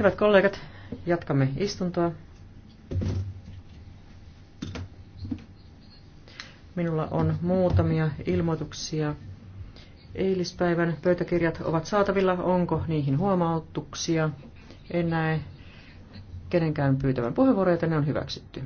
Hyvät kollegat, jatkamme istuntoa. Minulla on muutamia ilmoituksia. Eilispäivän pöytäkirjat ovat saatavilla. Onko niihin huomautuksia? En näe kenenkään pyytävän puheenvuoroja, joten ne on hyväksytty.